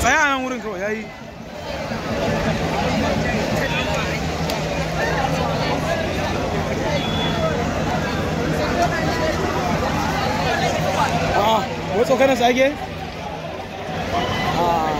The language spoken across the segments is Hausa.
Saya yang urung kau, yai. Ah, buat sokan saya ke? Eh. Ah.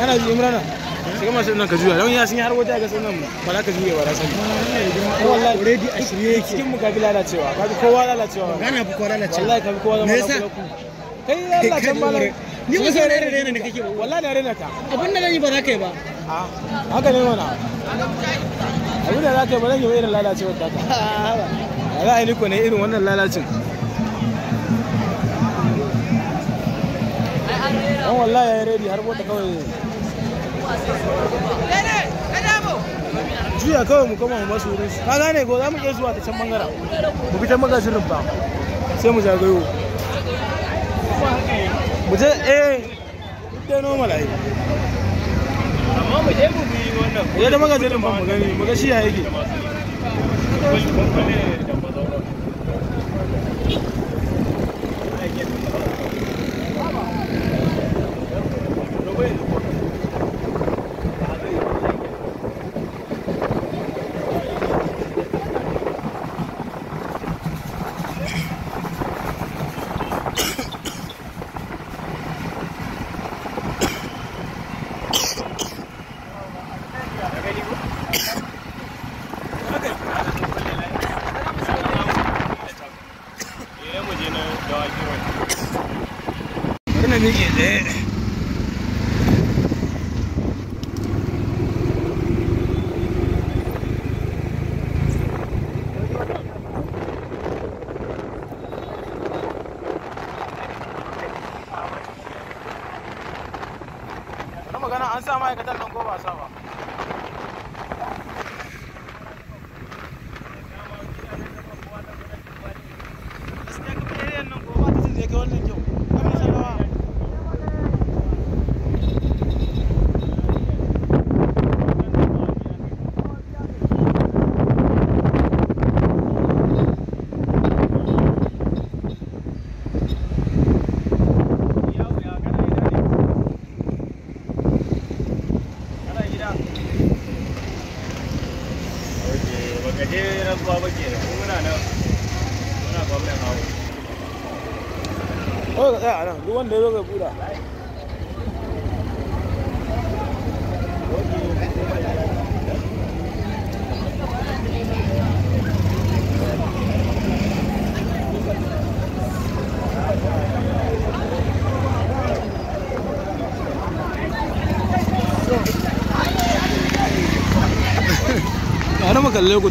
kana ji imrana sai masu nan ka juya don ya sun yi har wata ga sunan ba za ka juya ba rasani wallahi already a shirye yake cikin mu kabi lalacewa kabi kowa lalacewa gana bi kowa lalacewa wallahi kabi kowa zama lalacewa kai Allah can malam ni wasu rena rena da kake wallahi na rena ta abin da zan yi ba za ka yi ba haka ne mana abin da za ka yi ba zan yi ba irin lalacewar ta ta za a yi niko ne irin wannan lalacin don wallahi ya yi redi har mota kawai juya kawai mu koma mu masu wurin su ka gane ko za mu iya zuwa ta can bangara mu bi ta magajin rumfa sai mu zagayo mu je eh duk dai normal ai amma mu je mu bi wannan ya je da magajin rumfa mu gani mu ga shi ya yake meine Idee. mesmo, meu cura. Caramba, cara, leu o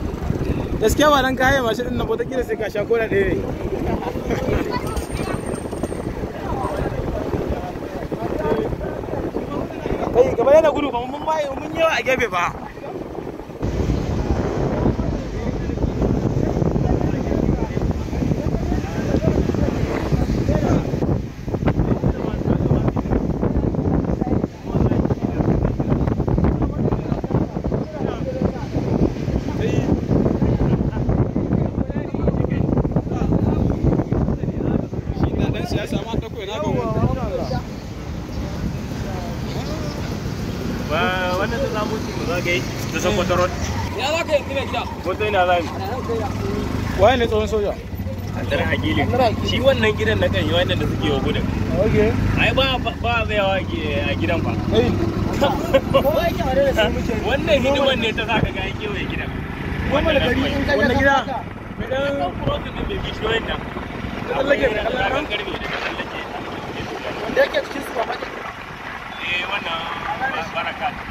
gaskiya ba nan kayan mashin din nan ba ta kira sai ka sha koda ɗaya ne eh, kai gaba yana gudu ba mun yawa a gefe ba wannan ta san kwatarot ya za ka yanzu gida ne tsohon soja andar hagili shi wannan gidan na kan yi wannan da suke wa gudun ai ba ba zayawa a gidan ba wannan hidiman ne ta saka ga yake wai gidan wannan gari in ka wannan gida mai dan protein din da bishiyoyin nan Allah ya Allah karbe da Allah ke wanda yake cikin supermarket eh wannan barakat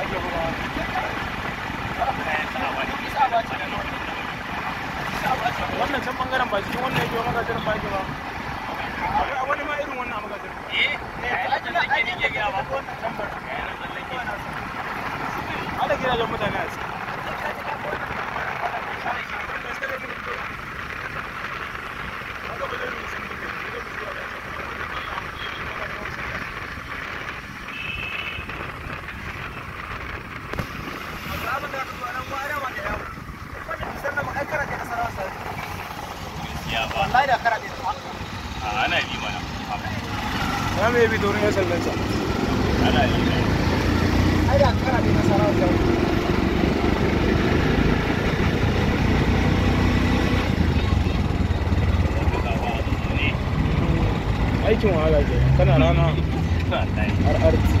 ba cikin wannan yake wa magajin ba ke ba. Akwai wani ma irin wannan magajin. Eh. ya mai bi domin ya sallansa ana yi ne ai da kana da aikin wahala ke kana rana har arti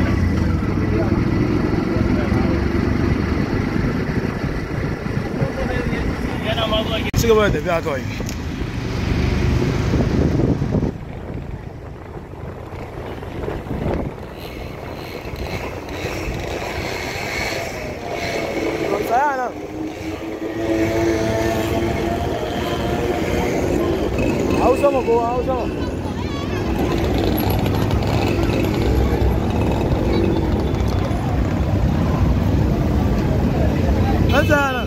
찍어봐야 돼, 아까 이게. Vamos, vamos, vamos. Let's